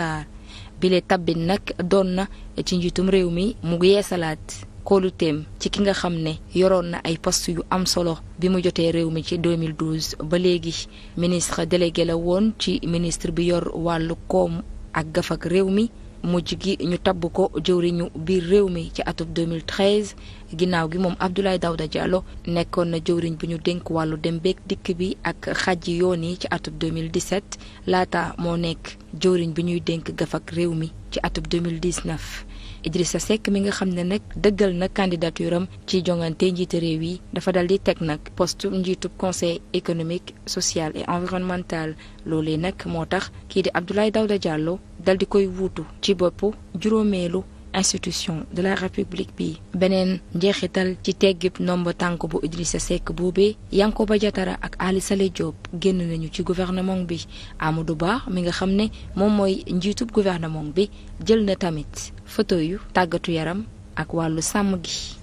Dakar bile nag doon na ci njiitum réew mi mu yeesalaat kóoluteem ci ki nga xam ne yoroon na ay post yu am solo bi mu jotee réew mi ci 2012 ba léegi ministre délégué la woon ci ministre bi yor wàllu koom ak gafak réew mi mujj gi ñu tabb ko jëwriñu biir réew mi ci atub 2013 ginnaaw gi moom Abdoulaye Daouda Diallo nekkoon na jëwriñ bu ñu dénk wàllu dem beeg dikk bi ak xaj yoon yi ci atub 2017 laata moo nekk jëwriñ bi ñuy dénk gaf ak réew mi ci atub 2019 sa Seck mi nga xam ne nag dëggal nag candidature ci jongante njiite réew yi dafa dal di teg nag poste njiitub conseil économique social et environnemental loolee nag moo tax kii di Abdoulaye Daouda jàlloo dal di koy wuutu ci boppu juróomeelu institution de la république bi beneen njeexital ci teggib nomba tànk bu Idrissa Seck boobee Yankoba Diatara ak Ali Saleh Diop génn nañu ci gouvernement bi du baax mi nga xam ne moom mooy njiitub gouvernement bi jël na tamit photo yu tàggatu yaram ak wàllu sàmm gi